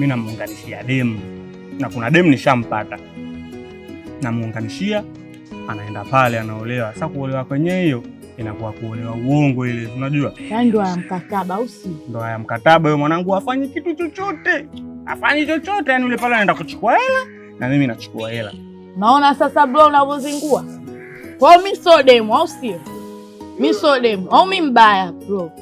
mi namuunganishia demu, na kuna demu nishampata, namuunganishia anaenda pale anaolewa. Sasa kuolewa kwenye hiyo inakuwa kuolewa uongo, ile unajua yaani ndoa ya mkataba, usi ndoa ya mkataba? Huyo mwanangu afanyi kitu chochote, afanyi chochote, yani ule pale anaenda kuchukua hela na mimi nachukua hela. Naona sasa bro, unavyozingua kwao. Mi sio demu, au sio? Mi sio demu, au mi mbaya bro?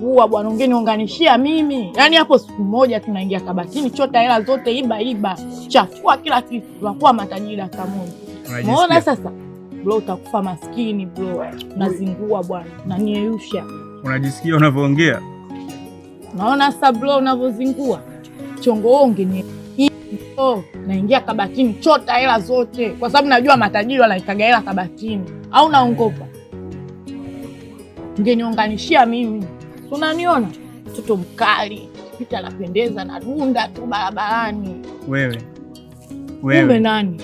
kujisumbua bwana, ungeniunganishia mimi. yani hapo siku moja tunaingia kabatini, chota hela zote, iba iba, chafua kila kitu, tunakuwa matajiri dakika moja. Umeona sasa bro, utakufa maskini bro, unazingua bwana, unaniyeusha. Unajisikia unavyoongea? Naona sasa bro unavyozingua ni Oh, naingia kabatini chota hela zote, kwa sababu najua matajiri wanaikaga hela kabatini. Au naongopa? Ungeniunganishia mimi. Unaniona mtoto mkali, pita anapendeza na dunda tu barabarani. Wewe kumbe nani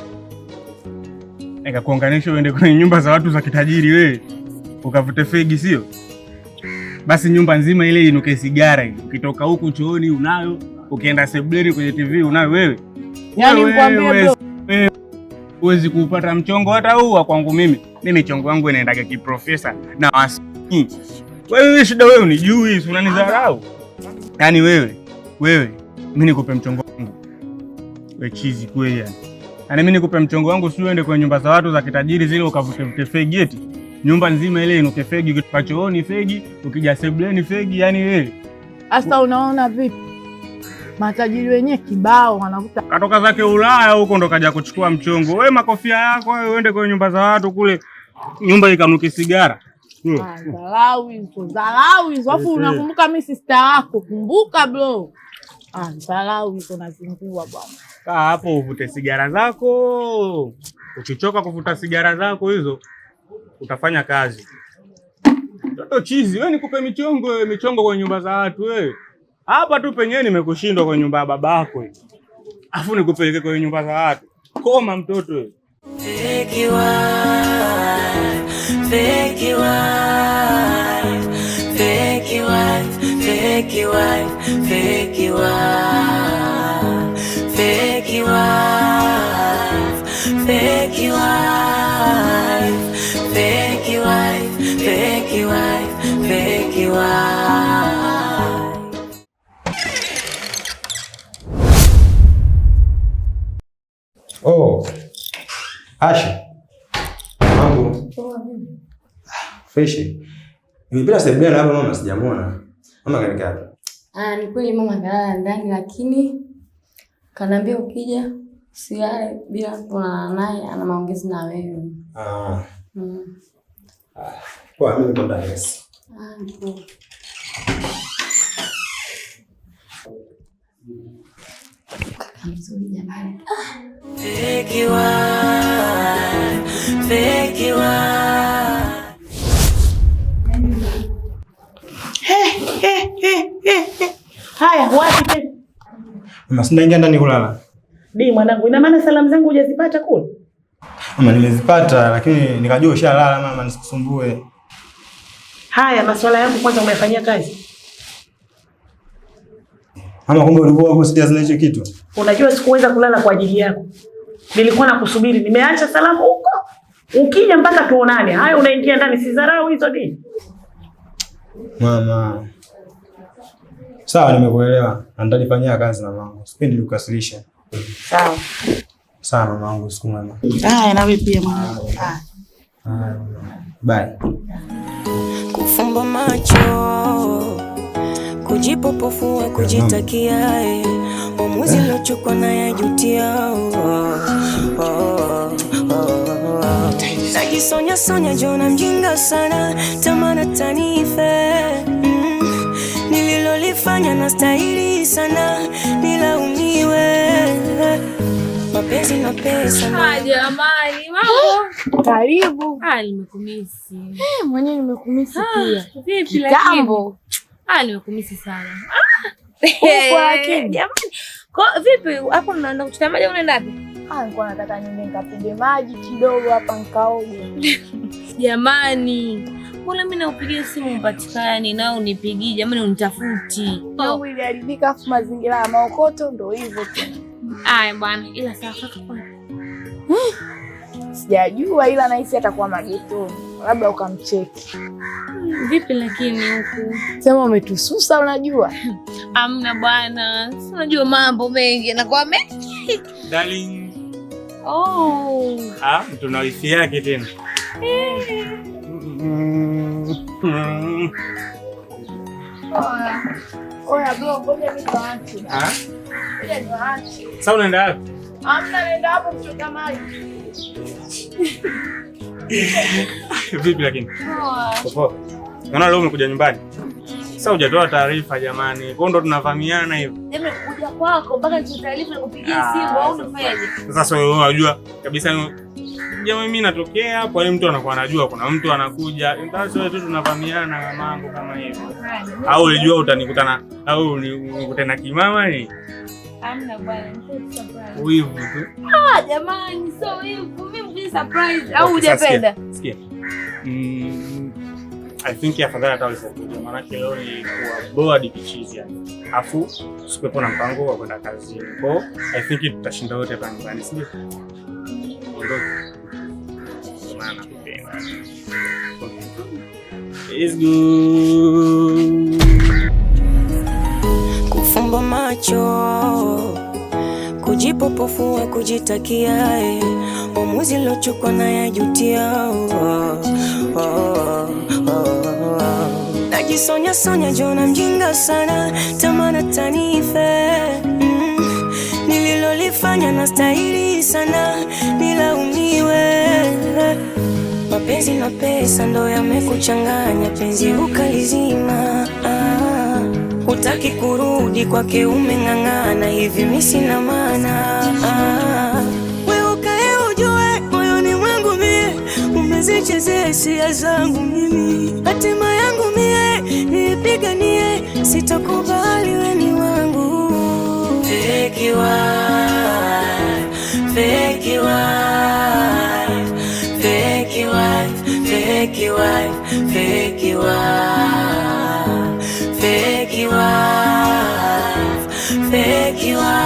nikakuunganisha uende kwenye nyumba za watu za kitajiri, wewe ukavute fegi, sio? Basi nyumba nzima ile inuke sigara hiyo. Ukitoka huku chooni unayo, ukienda sebuleni kwenye TV unayo. Wewe yani nikwambie bro, huwezi kupata mchongo hata huu kwangu mimi. Mimi chongo wangu inaendaga kiprofesa na wasi wewe shida, wewe unijui, unanidharau. Yaani wewe wewe, mimi nikupe mchongo wangu Wewe chizi kweli yani. Yaani mimi nikupe mchongo wangu, si uende kwenye nyumba za watu za kitajiri zile ukavute vute fegi, eti nyumba nzima ile inuke fegi, ukitoka chooni fegi, ukija sebleni fegi. Yani wewe Asa unaona vipi? Matajiri wenyewe kibao wanavuta, katoka zake Ulaya huko ndo kaja kuchukua mchongo. Wewe makofia yako wewe, uende kwenye nyumba za watu kule, nyumba ikanuki sigara Dharau hmm. hizo dharau hizo, unakumbuka mi sista wako, kumbuka bro. Dharau hizo nazingua bwana. Kaa hapo uvute sigara zako, ukichoka kuvuta sigara zako hizo utafanya kazi. Toto chizi we nikupe michongo michongo kwenye nyumba za watu we. Hapa tu penyewe nimekushindwa kwenye nyumba ya babako afu nikupeleke kwenye nyumba za watu. Koma mtoto wewe. pick your wife, pick your wife, pick your wife, pick your wife, pick your wife, pick your wife, pick your wife, pick your wife, pick your wife. Oh, Asha. fresh. Nilipita sehemu hapo mama sijamuona. Mama kanika hapo. Ah, ni kweli mama kalala ndani lakini kanaambia ukija usilale bila kuonana naye, ana maongezi na wewe. Ah. Mm. Ah, kwa mimi niko ndani yes. Ah, ndio. Ah. Fake you are, fake you are. Eh, eh, eh, Haya, wapi tena? Mama, sinaingia ndani kulala. Bi mwanangu, ina maana salamu zangu hujazipata kule? Mama, nimezipata lakini nikajua ushalala mama, nisikusumbue. Haya, masuala yangu kwanza umefanyia kazi? Mama, kumbe ulikuwa huko sija zina hicho kitu. Unajua sikuweza kulala kwa ajili yako. Nilikuwa nakusubiri, nimeacha salamu huko. Ukija mpaka tuonane. Haya, unaingia ndani, sidharau hizo dini. Mama, Sawa, nimekuelewa. Nitalifanyia kazi na mamangu. Sipendi kukasirisha. Sawa. Sawa mamangu, siku mwema. Haya na wewe pia mamangu. Bye. Kufumba macho. Kujipopofua, kujitakia uamuzi uliochukua na yajutia. Najisonya jona mjinga sana, tamana tanife nilifanya na stahili sana nilaumiwe. Mapenzi na pesa. Jamani, mambo. Karibu. Ah, nimekumisi. Eh, mwenyewe nimekumisi ah, pia. Vipi lakini? Ah, nimekumisi sana. Eh, jamani. Kwa vipi hapo unaenda kuchota maji unaenda wapi? Ah, nilikuwa nataka niende nikapige maji kidogo hapa nikaoge. Jamani. Mbona mimi naupigia simu upatikani nao unipigii, jamani unitafuti. Nao iliharibika afu mazingira ya maokoto ndio hivyo tu. Aya bwana, ila sasa sijajua, ila nahisi atakuwa mageto, labda ukamcheki vipi. Lakini huku sema umetususa, unajua amna bwana, unajua mambo mengi anakuwa mengi darling. Oh. Ah, mtu na wifi yake tena. Eh. Sasa unaenda wapi? Vipi lakini? Unaona umekuja nyumbani? Sasa hujatoa taarifa jamani. Kwa ndo tunavamiana hivi. Nimekuja kwako mpaka nikupigie ah, simu au Sasa wewe unajua kabisa jamaa mimi natokea, kwa hiyo mtu anakuwa anajua kuna mtu anakuja, basi wewe tu tunafahamiana na mambo kama hivyo. Au ulijua utanikutana au unikutana kimama ni Amna bwana, wivu tu. Ah, jamani, so wivu. Mimi ni surprise au hujapenda? Sikia. Mm, I think afadhali hata usipokuja maana leo ni kwa board kichizi yani. Afu sikuwepo na mpango wa kwenda kazini. Kwa I think tutashinda wote hapa nyumbani, sivyo? Kufumba macho, kujipopofua, kujitakia eh. uamuzi lochukwa na yajutia. Oh, oh, oh, najisonyasonya sonya, jona mjinga sana, tamana tanife nilolifanya na stahili sana nilaumiwe. Mapenzi na pesa ndo yamekuchanganya, penzi ukalizima. Ah, hutaki kurudi kwake, umeng'ang'ana hivi, mi sina maana. Ah, We ukae ujue moyoni mwangu mie umezichezea sia zangu mimi, hatima yangu mie niipiganie, sitokubali weni wangu out. fake your wife, fake your wife, fake your wife, fake your wife, fake your wife, fake your wife.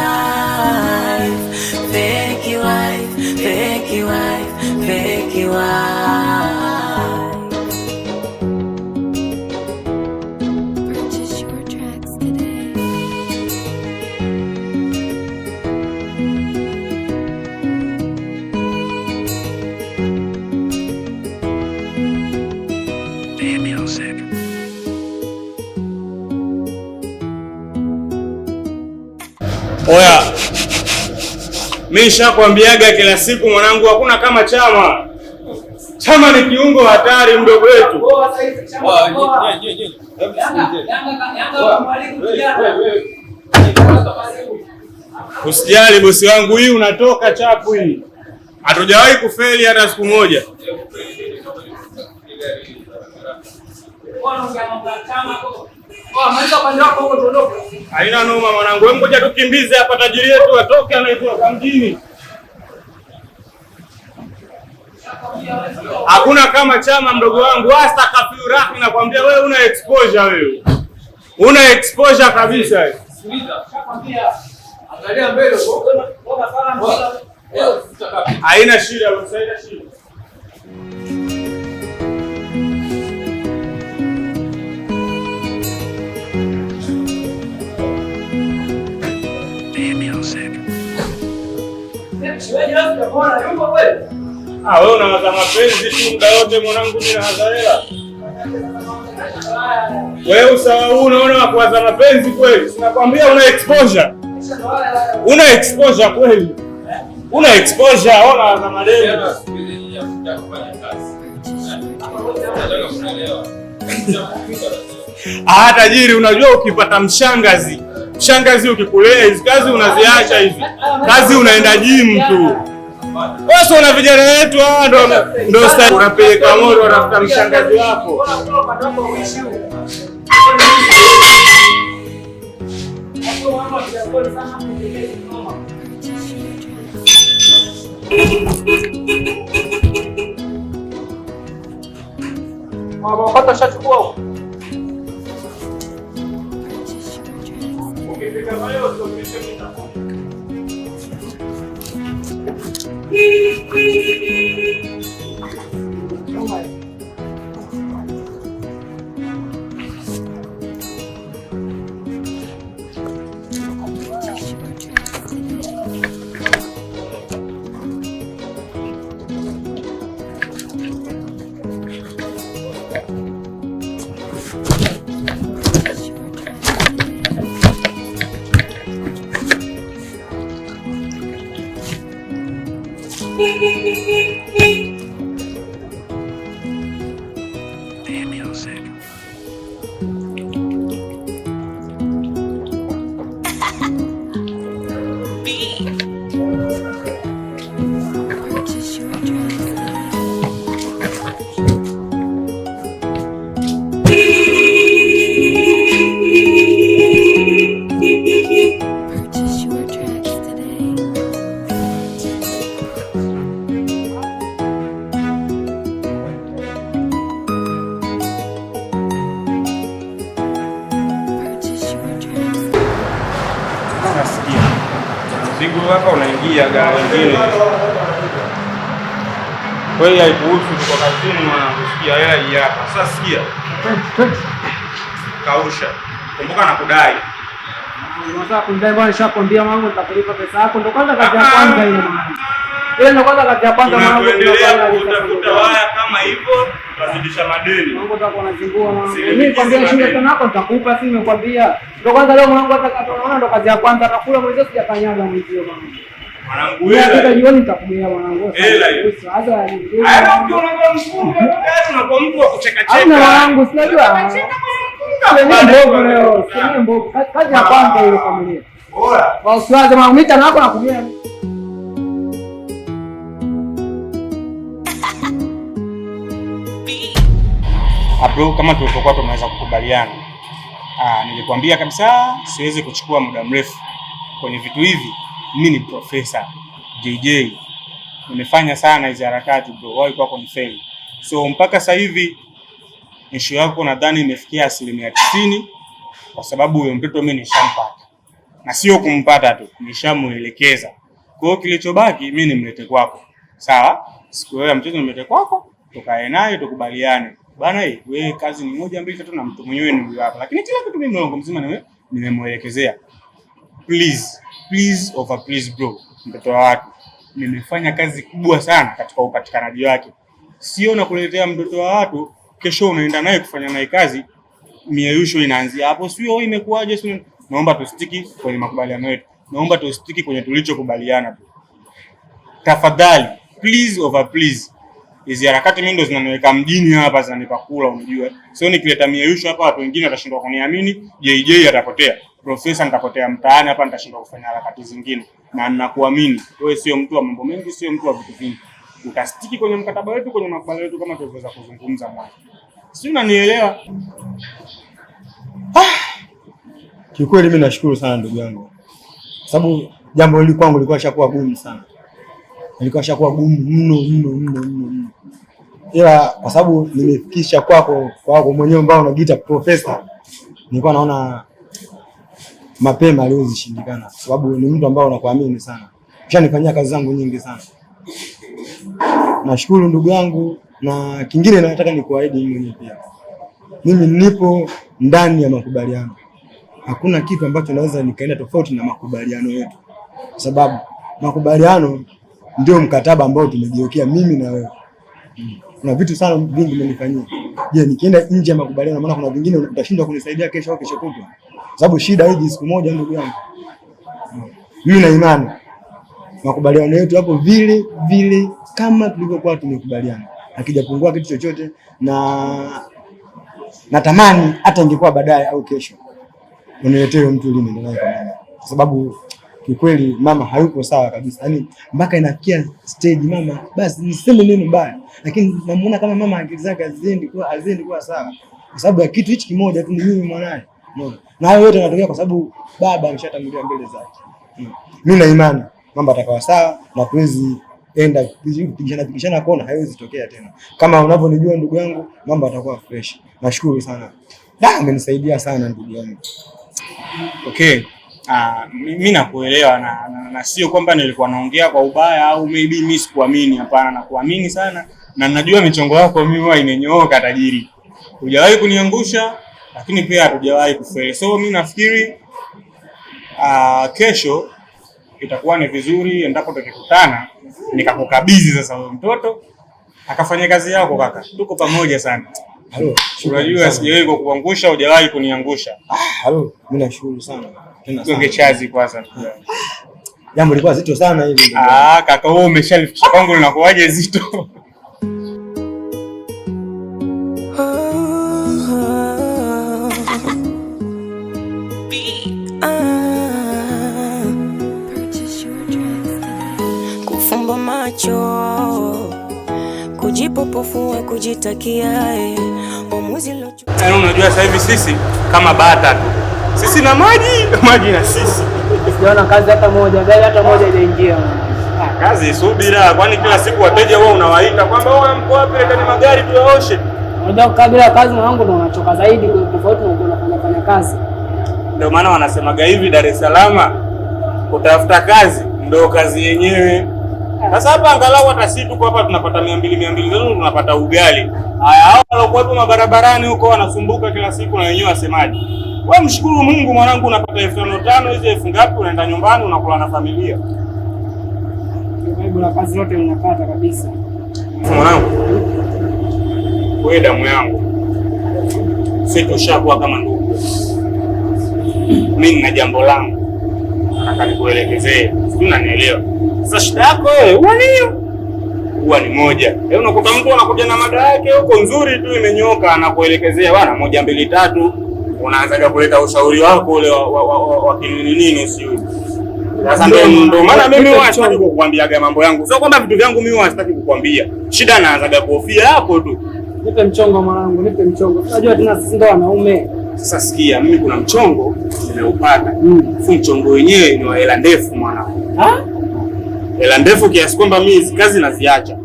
Nishakwambiaga kila siku mwanangu, hakuna kama chama. Chama ni kiungo hatari, mdogo wetu. Usijali bosi wangu, hii unatoka chapu hii, hatujawahi kufeli hata siku moja. Haina noma mwanangu, wewe ngoja tukimbize hapa tajiri yetu atoke anaitoka mjini. Hakuna kama chama mdogo wangu, hasa kafiraki nakwambia wewe una exposure wewe. Una exposure kabisa. Haina shida, haina shida. Ah, wewe unawaza mapenzi tu muda wote mwanangu, mimi nawaza hela. Wewe usawa huu unaona wakuwaza mapenzi kweli? Sinakwambia una exposure. Una exposure kweli. Una exposure, ona za madeni. Ah, tajiri, unajua ukipata mshangazi Shangazi ukikulea hizi kazi unaziacha hizi kazi, unaenda jimu tu. Wewe una vijana wetu hawa ndo ndo unapeleka moto, unafuta mshangazi wako Thank you. mzigo hapa unaingia gari nyingine. Kweli haikuhusu kwa kazini na kusikia hela hii hapa. Sasa sikia. Kausha. Kumbuka nakudai. Unaweza kunidai bwana, nishakwambia mwanangu nitakulipa pesa yako. Ndio kwanza kazi ya ah, ah. kwanza ile mwanangu. Ile ndio kwanza kazi ya kwanza mwanangu. Tunaendelea kutafuta waya kama hivyo nazidisha madeni. Mungu atakuwa anazingua na mimi nikwambia shule tena hapo nitakupa simu nikwambia. Ndio kwanza leo mwanangu hata atakapoona ndio kazi ya kwanza atakula mwezi sijakanyaga mwezio mama. Mwanangu wewe. Hata jioni nitakumia mwanangu. Hela hiyo. Sasa yani. Hayo ndio unakuwa mkuu. Yaani unakuwa mkuu wa kucheka cheka. Hapana mwanangu sinajua. Mbovu leo. Sio mbovu. Kazi ya kwanza ile familia. Bora. Wasiwaze mwanangu mita nako nakumia. tu kama tulivyokuwa tumeweza kukubaliana, ah, nilikwambia kabisa siwezi kuchukua muda mrefu kwenye vitu hivi. Mimi ni profesa JJ, nimefanya sana hizo harakati bro, wao kwa So mpaka sasa hivi issue yako nadhani imefikia asilimia tisini, kwa sababu huyo mtoto mimi nishampata, na sio kumpata tu, nishamuelekeza. Kwa hiyo kilichobaki mimi nimlete kwako, sawa? Siku ya mtoto nimlete kwako, tukae naye tukubaliane bana, wewe eh, kazi ni moja mbili tatu, na mtu mwenyewe ni hapa, lakini kila kitu mimi mlongo mzima nawe nimemwelekezea. Please, please over please bro, mtoto wa watu, nimefanya kazi kubwa sana katika upatikanaji wake, sio na kuletea mtoto wa watu, kesho unaenda naye kufanya naye kazi, mieyusho inaanzia hapo, sio oh, imekuaje? Sio, naomba tustiki kwenye makubaliano yetu, naomba tustiki kwenye tulichokubaliana tu, tafadhali, please over please hizi harakati mimi ndo zinaniweka mjini hapa, zinanipa kula, unajua. So nikileta mieyusho hapa, watu wengine watashindwa kuniamini, JJ atapotea, profesa nitapotea mtaani hapa, nitashindwa kufanya harakati zingine. Na ninakuamini wewe, sio mtu wa mambo mengi, sio mtu wa vitu vingi, utastiki kwenye mkataba wetu, kwenye makubaliano yetu, kama tulivyoweza kuzungumza mwanzo, si unanielewa? Ah, kiukweli mimi nashukuru sana ndugu yangu, sababu jambo hili kwangu lilikuwa shakuwa gumu sana ilikuwa shakuwa gumu mno mno mno mno, ila kwa sababu nimefikisha kwako kwako mwenyewe ambao unajiita profesa, nilikuwa naona mapema leo zishindikana, kwa sababu ni mtu ambao unakuamini sana, ushanifanyia kazi zangu nyingi sana. Nashukuru ndugu yangu, na kingine nataka nikuahidi mwenyewe pia, mimi nipo ndani ya makubaliano, hakuna kitu ambacho naweza nikaenda tofauti na makubaliano yetu, kwa sababu makubaliano ndio mkataba ambao tumejiwekea mimi na wewe. Kuna vitu sana vingi umenifanyia. Je, nikienda nje ya makubaliano, maana kuna vingine utashindwa kunisaidia kesho au kesho kutwa, sababu shida hii siku moja, ndugu yangu. Mimi na imani makubaliano yetu hapo vile vile kama tulivyokuwa tumekubaliana, hakijapungua kitu chochote, na natamani hata ingekuwa baadaye au kesho uniletee mtu lini, kwa sababu kikweli mama hayuko sawa kabisa, yani mpaka inafikia stage mama basi niseme neno baya, lakini namuona kama mama akili zake haziendi kwa haziendi kwa sawa, kwa sababu ya kitu hichi kimoja tu, ni mimi mwanae. no. na hayo yote yanatokea kwa sababu baba ameshatangulia mbele zake. Mimi na imani mama atakawa sawa na kuwezi enda kupigishana pigishana, kona haiwezi tokea tena. Kama unavyonijua ndugu yangu, mambo atakuwa fresh. Nashukuru sana, da amenisaidia sana ndugu yangu. Okay mimi ah, nakuelewa na, na, na sio kwamba nilikuwa naongea kwa ubaya au maybe mimi sikuamini. Hapana, nakuamini sana na najua michongo yako mimi huwa imenyooka tajiri, hujawahi kuniangusha, lakini pia hatujawahi kufeli. So mimi nafikiri uh, kesho itakuwa ni vizuri endapo tukikutana nikakukabidhi sasa huyo mtoto akafanya kazi yako kaka, tuko pamoja sana. Unajua sijawahi kukuangusha, hujawahi kuniangusha. Ah, mimi nashukuru sana gonge chazi kwanza. Jambo lilikuwa zito sana hivi. Ah, kaka wewe umeshalifikisha kwangu linakuwaje zito? Kufumba macho kujipopofua kujitakia. Eh. Yaani unajua sasa hivi sisi kama bata tu sisi na maji maji na sisi. Sijaona kazi hata moja, gari hata moja haijaingia. Ah, kazi subira, kwani kila siku wateja wao unawaita kwamba wao oh, mko wapi, leteni magari tuyaoshe. Unajua kabla kazi na wangu ndo unachoka zaidi kwa tofauti na fanya kazi. Ndio maana wanasemaga hivi, Dar es Salaam kutafuta kazi ndio kazi yenyewe. Sasa hapa angalau hata sisi tuko hapa tunapata 200 200 zetu tunapata ugali. Haya, hao waliokuwa hapo mabarabarani huko wanasumbuka kila siku, na wenyewe wasemaje? Wewe mshukuru Mungu mwanangu, unapata elfu tano tano, hizi elfu ngapi? Unaenda nyumbani unakula na familia. kazi yote unapata kabisa. Mwanangu, wewe damu yangu, sisi tushakuwa kama ndugu. Mimi nina jambo langu nataka nikuelekezee, unanielewa? Sasa shida yako wewe huwa niyo huwa ni moja. Yaani unakuta mtu anakuja na mada yake huko nzuri tu imenyoka, anakuelekezea bana, moja mbili tatu unaanzaga kuleta ushauri wako ule wa kinini nini, sio sasa. Ndio maana mimi sitaki kukuambiaga mambo yangu, sio kwamba vitu vyangu mimi sitaki kukuambia. Shida naanzaga kuhofia hapo tu. Nipe mchongo mwanangu, nipe mchongo. Unajua tena sisi ndo wanaume. Sasa sikia, mimi kuna mchongo nimeupata, mm. fu mchongo wenyewe ni wa hela ndefu mwanangu, hela ndefu kiasi kwamba mimi hizi kazi naziacha,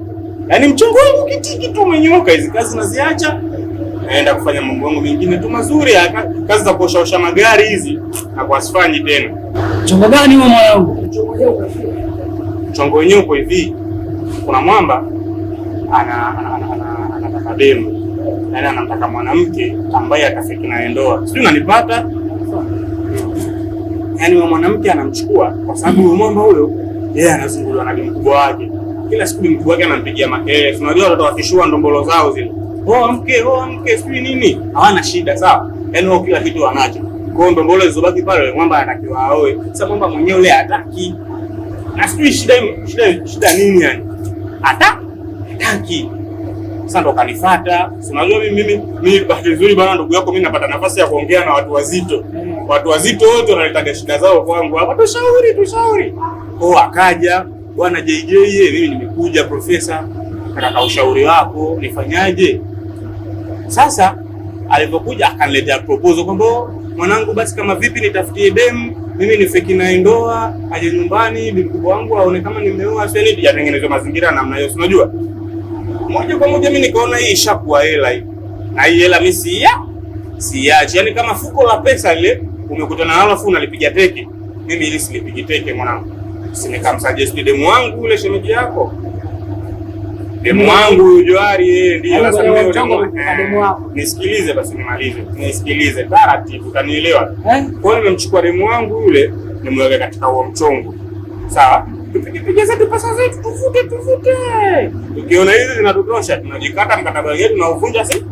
yaani mchongo wangu kitiki tu umenyoka, hizi kazi naziacha naenda kufanya mambo yangu mengine tu mazuri, kazi za kuoshaosha magari hizi na kuasifanyi tena. Chongo gani huo mwanangu? Chongo wenyewe uko hivi, kuna mwamba ana anataka demu, yaani anamtaka mwanamke ambaye atafiki naye ndoa, sijui unanipata? Yaani wa mwanamke anamchukua kwa sababu mwamba huyo yeye anazunguliwa na mkubwa wake, kila siku mkubwa wake anampigia makelele. Unajua watoto wakishua ndombolo zao zile oa mke oa mke sijui nini, hawana shida sawa, yaani wao kila kitu wanacho. Kwa hiyo ndombolo zobaki pale mwamba anatakiwa aoe. Sasa mwamba mwenyewe yule hataki, na sijui shida shida shida nini yani, hata hataki. Sasa ndo kanifata, unajua mimi mimi ni bahati nzuri bana, ndugu yako mimi napata nafasi ya kuongea na watu wazito, watu wazito wote wanaletaga shida zao kwangu hapa, tushauri tushauri. Kwa akaja bwana JJ, mimi nimekuja profesa, nataka ushauri wako, nifanyaje? Sasa alipokuja akaniletea proposal kwamba oh, mwanangu, basi kama vipi nitafutie demu mimi ni feki na ndoa aje nyumbani, bibi mkubwa wangu aone kama nimeoa, sasa ndio yatengenezwa mazingira namna hiyo, unajua. Moja kwa moja mimi nikaona hii ishakuwa hela hii, na hii hela mimi si ya siachi, yani kama fuko la pesa ile umekutana nalo alafu unalipiga teke. Mimi ili silipigi teke mwanangu, si nikamsuggest demu wangu yule shemeji yako demu wangu huyu Johari, yeye ndiye nisikilize basi, nimalize, nisikilize taratibu, utanielewa. Eh? Kwa hiyo nimemchukua demu wangu yule, nimweka katika huo mchongo, sawa tupigipige zetu pesa zetu, tuvute tuvute. Ukiona hizi zinatutosha, tunajikata mkataba wetu na si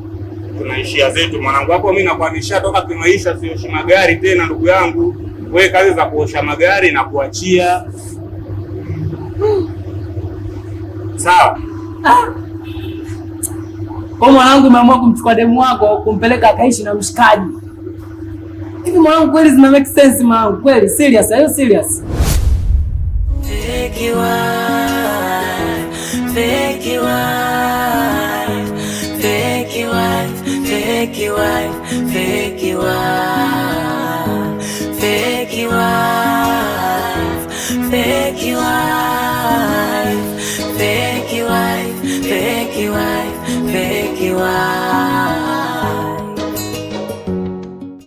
tunaishia zetu. Mwanangu hapo, mimi nakuwa nishatoka kimaisha, sioshi magari tena. Ndugu yangu wewe, kazi za kuosha magari na kuachia, sawa kwa mwanangu umeamua kumchukua demu wako kumpeleka akaishi na mshikaji. Hivi mwanangu kweli zina make sense mwanangu kweli serious, are you serious? Fake you wife, fake you wife, fake you wife, fake you wife, fake you wife, fake you wife, fake you wife. wife, you out.